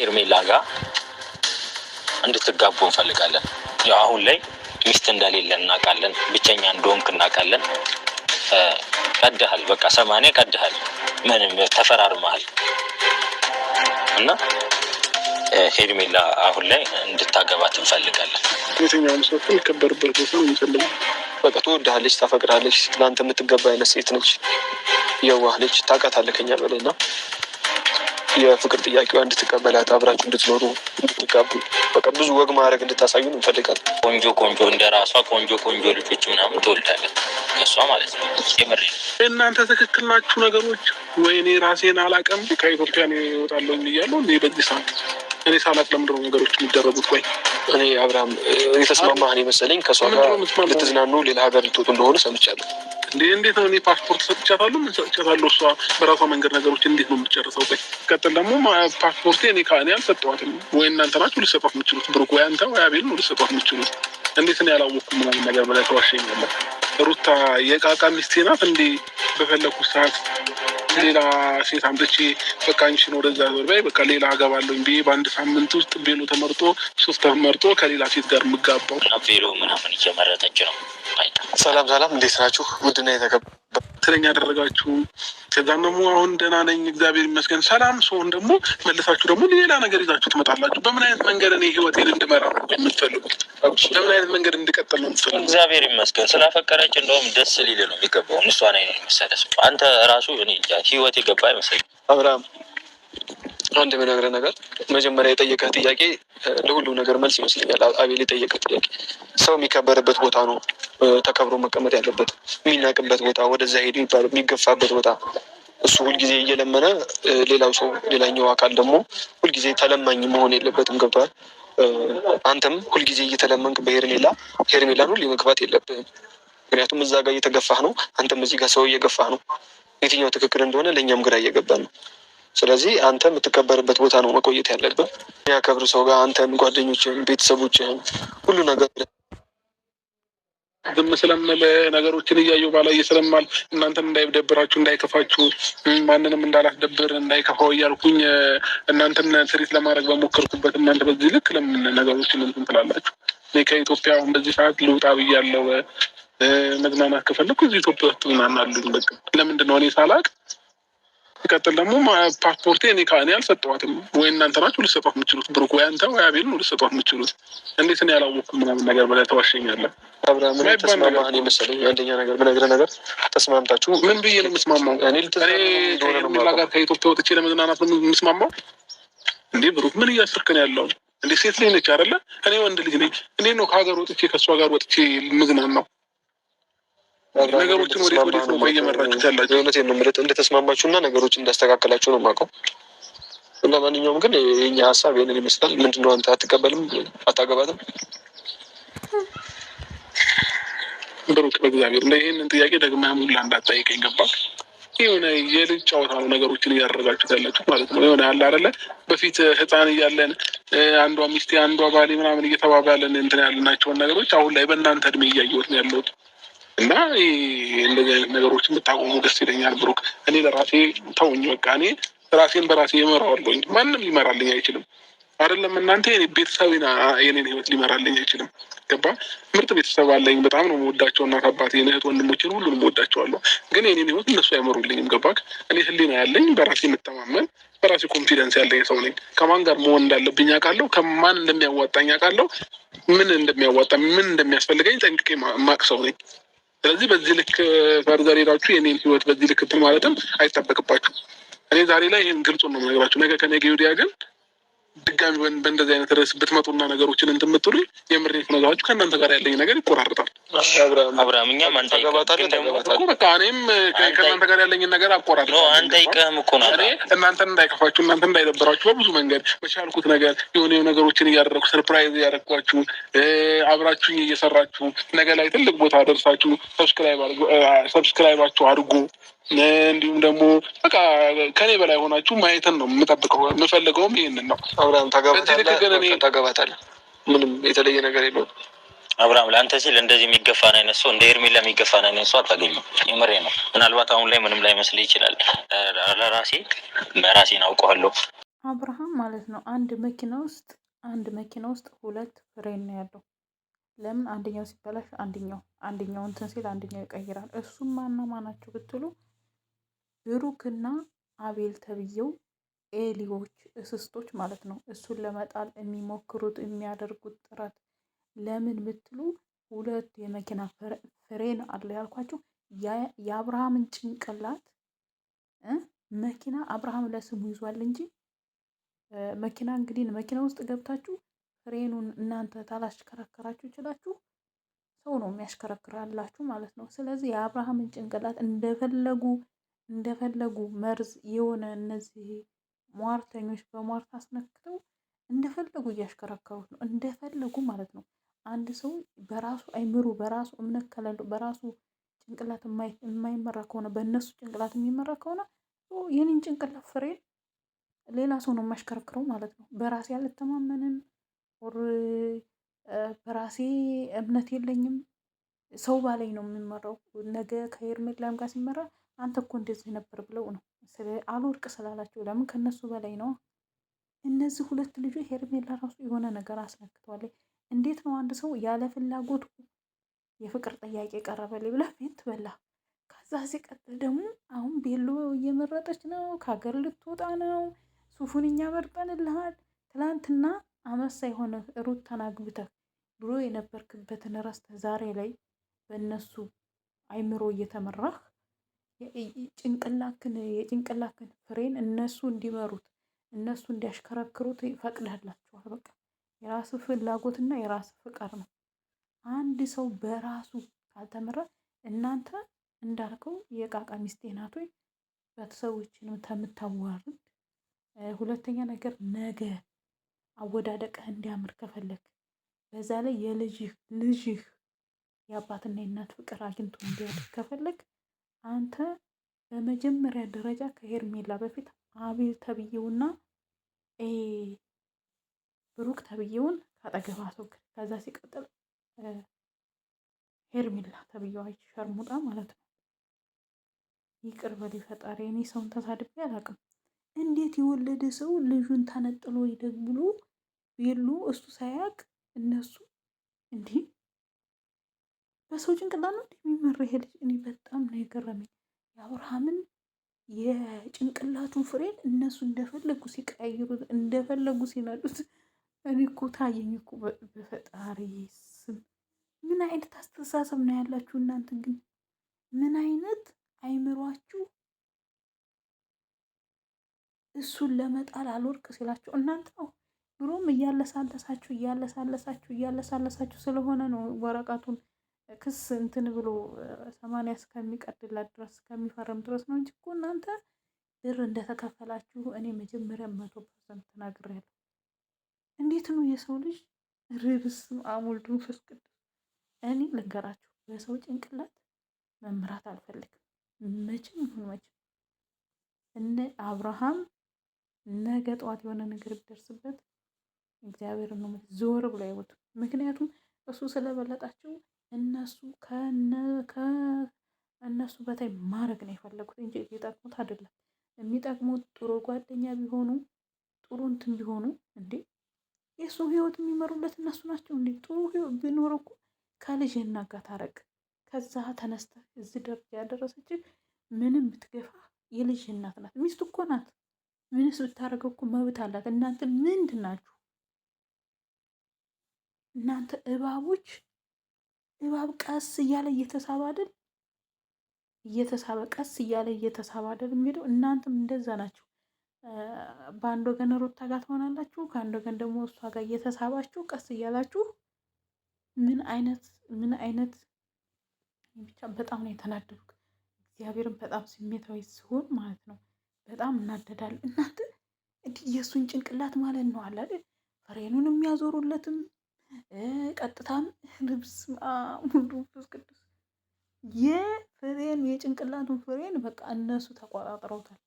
ሄርሜላ ጋር እንድትጋቡ እንፈልጋለን። ያው አሁን ላይ ሚስት እንደሌለ እናውቃለን፣ ብቸኛ እንደሆንክ እናውቃለን። ቀድሃል፣ በቃ ሰማንያ ቀድሃል፣ ምንም ተፈራርመሃል እና ሄርሜላ አሁን ላይ እንድታገባት እንፈልጋለን። የትኛውም ሰው የሚከበርበት ቦታ ነው እንፈልግ። በቃ ትወድሃለች፣ ታፈቅራለች። ለአንተ የምትገባ አይነት ሴት ነች። የዋህ ልጅ ታውቃታለህ ከኛ በላይ እና የፍቅር ጥያቄዋ እንድትቀበላት አብራችሁ እንድትኖሩ እንድትጋቡ በቃ ብዙ ወግ ማድረግ እንድታሳዩ እንፈልጋለን። ቆንጆ ቆንጆ እንደ ራሷ ቆንጆ ቆንጆ ልጆች ምናምን ትወልዳለች እሷ ማለት ነው። እናንተ ትክክል ናችሁ ነገሮች። ወይኔ ራሴን አላቀም ከኢትዮጵያ እወጣለሁ እያለሁ በዚህ ሰዓት እኔ ሳላቅ ለምንድን ነው ነገሮች የሚደረጉት? ቆይ እኔ አብርሃም የተስማማህን መሰለኝ ከእሷ ጋር ልትዝናኑ ሌላ ሀገር ልትወጡ እንደሆነ ሰምቻለሁ። እንዴ እንዴት ነው? እኔ ፓስፖርት ሰጥቻታለሁ፣ ምን ሰጥቻታለሁ? እሷ በራሷ መንገድ ነገሮች እንዴት ነው የምትጨርሰው? ቆይ ቀጥል ደግሞ ፓስፖርቴ እኔ ከእኔ አልሰጠዋትም ወይ እናንተ ናችሁ ልሰጧት የምችሉት? ብሩክ ወይ አንተ ወይ አቤል ነው ልሰጧት የምችሉት። እንዴት እኔ ያላወቅኩ ምናምን ነገር ብላ ተዋሸኝ። ሩታ የቃቃ ሚስቴ ናት እንዴ በፈለግኩ ሰዓት ሌላ ሴት አምጥቼ በቃ አንቺን ወደዛ ዞር በይ በቃ ሌላ አገባለሁ ብዬ በአንድ ሳምንት ውስጥ ቤሎ ተመርጦ ሱፍ ተመርጦ ከሌላ ሴት ጋር የምጋባው ቤሎ ምናምን እየመረጠች ነው ሰላም ሰላም፣ እንዴት ናችሁ? ውድና የተከበረ ትለኝ ያደረጋችሁ ከዛም ደግሞ አሁን ደህና ነኝ እግዚአብሔር ይመስገን ሰላም ሲሆን ደግሞ መልሳችሁ ደግሞ ሌላ ነገር ይዛችሁ ትመጣላችሁ። በምን አይነት መንገድ እኔ ህይወቴን እንድመራ ነው የምትፈልጉት? በምን አይነት መንገድ እንድቀጥል ነው የምትፈልጉት? እግዚአብሔር ይመስገን ስላፈቀረች እንደውም ደስ ሊል ነው የሚገባው። እሷ ነ መሰለስ አንተ ራሱ እኔ ህይወት የገባ አይመስለኝም አብርሃም አንድ የምነግርህ ነገር መጀመሪያ የጠየቀ ጥያቄ ለሁሉም ነገር መልስ ይመስለኛል። አቤል የጠየቀ ጥያቄ ሰው የሚከበርበት ቦታ ነው ተከብሮ መቀመጥ ያለበት፣ የሚናቅበት ቦታ፣ ወደዛ ሄዱ ይባሉ የሚገፋበት ቦታ እሱ ሁልጊዜ እየለመነ ሌላው ሰው ሌላኛው አካል ደግሞ ሁልጊዜ ተለማኝ መሆን የለበትም። ገብቷል? አንተም ሁልጊዜ እየተለመንክ በሄርሜላ ሄርሜላን ሁሌ መግፋት የለብህም። ምክንያቱም እዛ ጋር እየተገፋህ ነው፣ አንተም እዚህ ጋር ሰው እየገፋህ ነው። የትኛው ትክክል እንደሆነ ለእኛም ግራ እየገባ ነው። ስለዚህ አንተ የምትከበርበት ቦታ ነው መቆየት ያለብን። ያከብር ሰው ጋር አንተን፣ ጓደኞችን፣ ቤተሰቦችህን ሁሉ ነገር ዝም ስለምል ነገሮችን እያየሁ ባላየ ስለማል እናንተን እንዳይደብራችሁ እንዳይከፋችሁ ማንንም እንዳላስደብር እንዳይከፋው እያልኩኝ እናንተን ትሪት ለማድረግ በሞከርኩበት እናንተ በዚህ ልክ ለምን ነገሮችን እንትን ትላላችሁ? እኔ ከኢትዮጵያ በዚህ ሰዓት ልውጣ ብያለሁ። መዝናናት ከፈለኩ እዚህ ኢትዮጵያ ውስጥ ምናምን አሉኝ። በቃ ለምንድን ነው እኔ ሳላቅ ቀጥል ደግሞ ፓስፖርቴ እኔ ከእኔ አልሰጠዋትም ወይ እናንተ ናችሁ ልሰጧት የምችሉት? ብሩክ ወይ አንተ ወይ አቤል ነው ልሰጧት የምችሉት። እንዴት እኔ ያላወቅኩ ምናምን ነገር ብለህ ተዋሸኛለህ። አንደኛ ነገር ብነግርህ ነገር ተስማምታችሁ ምን ብዬ ነው የምስማማው? ጋር ከኢትዮጵያ ወጥቼ ለመዝናናት ነው የምስማማው? እንዴ ብሩክ ምን እያስርክን ያለው? እንዴ ሴት ልጅ ነች አይደለ? እኔ ወንድ ልጅ ነኝ። እኔ ነው ከሀገር ወጥቼ ከእሷ ጋር ወጥቼ ምዝናን ነው ነገሮችን ወዴት ወዴት ነው እየመራችሁት ያላችሁ? እውነቴን ነው የምልህ እንደተስማማችሁ እና ነገሮች እንዳስተካከላችሁ ነው የማውቀው። ማንኛውም ግን የኛ ሀሳብ ይህንን ይመስላል። ምንድን ነው አንተ አትቀበልም? አታገባትም? ብሩክ በእግዚአብሔር እንደ ይህንን ጥያቄ ደግሞ ሙላ እንዳትጠይቀኝ ገባህ? የሆነ የልጅ ጨዋታ ነው ነገሮችን እያደረጋችሁት ያላችሁ ማለት ነው። የሆነ ያለ አይደለ በፊት ህፃን እያለን አንዷ ሚስቴ አንዷ ባሌ ምናምን እየተባባለን እንትን ያልናቸውን ነገሮች አሁን ላይ በእናንተ እድሜ እያየሁት ነው ያለሁት እና እንደዚህ አይነት ደስ ይለኛል። ብሩክ እኔ ለራሴ ተውኝ፣ በቃ እኔ ራሴን በራሴ እመራዋለሁኝ። ማንም ሊመራልኝ አይችልም። አይደለም እናንተ ቤተሰብና የኔን ህይወት ሊመራልኝ አይችልም። ገባ? ምርጥ ቤተሰብ አለኝ። በጣም ነው መወዳቸው። እናት አባት፣ እህት ወንድሞችን ሁሉንም ወዳቸዋለሁ። ግን የኔን ህይወት እነሱ አይመሩልኝም። ገባክ? እኔ ህሊና ያለኝ በራሴ የምተማመን በራሴ ኮንፊደንስ ያለኝ ሰው ነኝ። ከማን ጋር መሆን እንዳለብኝ አውቃለሁ። ከማን እንደሚያዋጣኝ አውቃለሁ። ምን እንደሚያዋጣ ምን እንደሚያስፈልገኝ ጠንቅቄ ማቅ ሰው ነኝ። ስለዚህ በዚህ ልክ ፈርዘር ሄዳችሁ የኔን ህይወት በዚህ ልክ እንትን ማለትም አይጠበቅባችሁ። እኔ ዛሬ ላይ ይህን ግልጹ ነው ነገራችሁ። ነገ ከነገ ወዲያ ግን ድጋሚ በእንደዚህ አይነት ርዕስ ብትመጡና ነገሮችን እንትምትሉ ብትሉ የምሬት ነገራችሁ ከእናንተ ጋር ያለኝ ነገር ይቆራርጣል። አብርሃምኛም አንተ በቃ እኔም ከእናንተ ጋር ያለኝ ነገር አቆራርጣል። አንተ እኮ ነው እናንተን እንዳይከፋችሁ እናንተ እንዳይደበራችሁ በብዙ መንገድ በቻልኩት ነገር የሆነ ነገሮችን እያደረኩ ሰርፕራይዝ እያደረግኳችሁ አብራችሁኝ እየሰራችሁ ነገ ላይ ትልቅ ቦታ ደርሳችሁ ሰብስክራይባችሁ አድርጎ እንዲሁም ደግሞ በቃ ከኔ በላይ ሆናችሁ ማየትን ነው የምጠብቀው። የምፈልገውም ይህንን ነው። አብርሃም ታገባታለህ። ምንም የተለየ ነገር የለውም። አብርሃም ለአንተ ሲል እንደዚህ የሚገፋን አይነት ሰው እንደ ሄርሜላ የሚገፋን አይነት ሰው አታገኝም። የምሬ ነው። ምናልባት አሁን ላይ ምንም ላይ መስል ይችላል። ለራሴ ራሴን አውቀዋለሁ። አብርሃም ማለት ነው አንድ መኪና ውስጥ አንድ መኪና ውስጥ ሁለት ፍሬን ነው ያለው። ለምን አንደኛው ሲበላሽ አንደኛው አንደኛው እንትን ሲል አንደኛው ይቀይራል። እሱም ማና ማናቸው ብትሉ ብሩክና አቤል ተብዬው ኤሊዎች እስስቶች ማለት ነው። እሱን ለመጣል የሚሞክሩት የሚያደርጉት ጥረት ለምን ምትሉ ሁለት የመኪና ፍሬን አለ ያልኳቸው የአብርሃምን ጭንቅላት መኪና አብርሃም ለስሙ ይዟል እንጂ መኪና እንግዲህ መኪና ውስጥ ገብታችሁ ፍሬኑን እናንተ ታላሽከረከራችሁ ይችላችሁ ሰው ነው የሚያሽከረክራላችሁ ማለት ነው። ስለዚህ የአብርሃምን ጭንቅላት እንደፈለጉ እንደፈለጉ መርዝ የሆነ እነዚህ ሟርተኞች በሟርት አስነክተው እንደፈለጉ እያሽከረከሩት ነው፣ እንደፈለጉ ማለት ነው። አንድ ሰው በራሱ አይምሮ በራሱ እምነት ከሌለው በራሱ ጭንቅላት የማይመራ ከሆነ በእነሱ ጭንቅላት የሚመራ ከሆነ ይህንን ጭንቅላት ፍሬ ሌላ ሰው ነው የማሽከረክረው ማለት ነው። በራሴ አልተማመንም፣ በራሴ እምነት የለኝም፣ ሰው ባለኝ ነው የሚመራው። ነገ ከሄርሜላም ጋር ሲመራ አንተ እኮ እንደዚህ ነበር ብለው ነው አልወርቅ ስላላቸው ለምን ከነሱ በላይ ነው። እነዚህ ሁለት ልጆች ሄርሜላ ራሱ የሆነ ነገር አስነክተዋለች። እንዴት ነው አንድ ሰው ያለ ፍላጎት የፍቅር ጥያቄ ቀረበልኝ ብላ ፌንት በላ። ከዛ ሲቀጥል ደግሞ አሁን ቤሎ እየመረጠች ነው፣ ከሀገር ልትወጣ ነው፣ ሱፉን እኛ መርጠንልሃል። ትላንትና አመሳ የሆነ ሩት ተናግብተህ ድሮ የነበርክበትን ረስተህ ዛሬ ላይ በእነሱ አይምሮ እየተመራህ ጭንቅላክን የጭንቅላክን ፍሬን እነሱ እንዲመሩት እነሱ እንዲያሽከረክሩት ፈቅደህላቸዋል። በቃ የራስ ፍላጎትና የራስ ፍቃድ ነው። አንድ ሰው በራሱ ካልተመራ እናንተ እንዳልከው የቃቃ ሚስቴ ናት ወይ ቤተሰቦችንም ተምታዋርድ። ሁለተኛ ነገር ነገ አወዳደቀህ እንዲያምር ከፈለግ በዛ ላይ የልጅህ ልጅህ የአባትና የእናት ፍቅር አግኝቶ እንዲያድግ ከፈለግ አንተ በመጀመሪያ ደረጃ ከሄርሜላ በፊት አቤል ተብዬውና ብሩክ ተብዬውን ካጠገብ አስወግድ። ከዛ ሲቀጥል ሄርሜላ ተብዬዋ ሸርሙጣ ማለት ነው። ይቅር በል ፈጣሪ። እኔ ሰውን ተሳድቤ አላውቅም። እንዴት የወለደ ሰው ልጁን ተነጥሎ ይደግ ብሎ የሉ እሱ ሳያውቅ እነሱ እንዲህ በሰው ጭንቅላት ነው የሚመራ ይሄ ልጅ። እኔ በጣም ነው የገረመኝ የአብርሃምን የጭንቅላቱን ፍሬን እነሱ እንደፈለጉ ሲቀያይሩት እንደፈለጉ ሲነዱት፣ እኔ እኮ ታየኝ እኮ በፈጣሪ ስም። ምን አይነት አስተሳሰብ ነው ያላችሁ እናንተ? ግን ምን አይነት አይምሯችሁ እሱን ለመጣል አልወርቅ ሲላቸው እናንተ ነው ድሮም እያለሳለሳችሁ እያለሳለሳችሁ እያለሳለሳችሁ ስለሆነ ነው ወረቀቱን ክስ እንትን ብሎ ሰማንያ እስከሚቀድላት ድረስ እስከሚፈርም ድረስ ነው እንጂ እኮ እናንተ ብር እንደተከፈላችሁ እኔ መጀመሪያ መቶ ፐርሰንት ተናግሬያለሁ። እንዴት ነው የሰው ልጅ ርብስ አሞልዱን ፍስቅድ እኔ ልንገራችሁ፣ በሰው ጭንቅላት መምራት አልፈልግም። መቼም ይሁን መቼም እነ አብርሃም ነገ ጠዋት የሆነ ነገር ቢደርስበት እግዚአብሔር ነው ዞር ብሎ አይወጡም። ምክንያቱም እሱ ስለበለጣቸው እነሱ ከእነሱ በታይ ማድረግ ነው የፈለጉት እንጂ ሊጠቅሙት አይደለም። የሚጠቅሙት ጥሩ ጓደኛ ቢሆኑ ጥሩ እንትን ቢሆኑ እንዴ የእሱ ህይወት የሚመሩለት እነሱ ናቸው እንዴ? ጥሩ ህይወት ቢኖር እኮ ከልጅ እናጋ ታረቅ ከዛ ተነስተ እዚህ ደረጃ ያደረሰች ምንም ብትገፋ የልጅ እናት ናት፣ ሚስት እኮ ናት። ምንስ ብታደርገው እኮ መብት አላት። እናንተ ምንድን ናችሁ እናንተ እባቦች? እባብ ቀስ እያለ እየተሳበ አይደል እየተሳበ ቀስ እያለ እየተሳበ አይደል የሚሄደው። እናንተም እንደዛ ናችሁ። በአንድ ወገን ሩታ ጋር ትሆናላችሁ፣ ከአንድ ወገን ደግሞ እሷ ጋር እየተሳባችሁ ቀስ እያላችሁ ምን አይነት ምን አይነት ብቻ በጣም ነው የተናደዱት። እግዚአብሔርን በጣም ስሜታዊ ሲሆን ማለት ነው በጣም እናደዳል። እናንተ እንዲህ የእሱን ጭንቅላት ማለት ነው አላል አይደል ፍሬኑን የሚያዞሩለትም ቀጥታም ልብስ ሙሉ መንፈስ ቅዱስ የፍሬን የጭንቅላቱን ፍሬን በቃ እነሱ ተቆጣጥረውታል።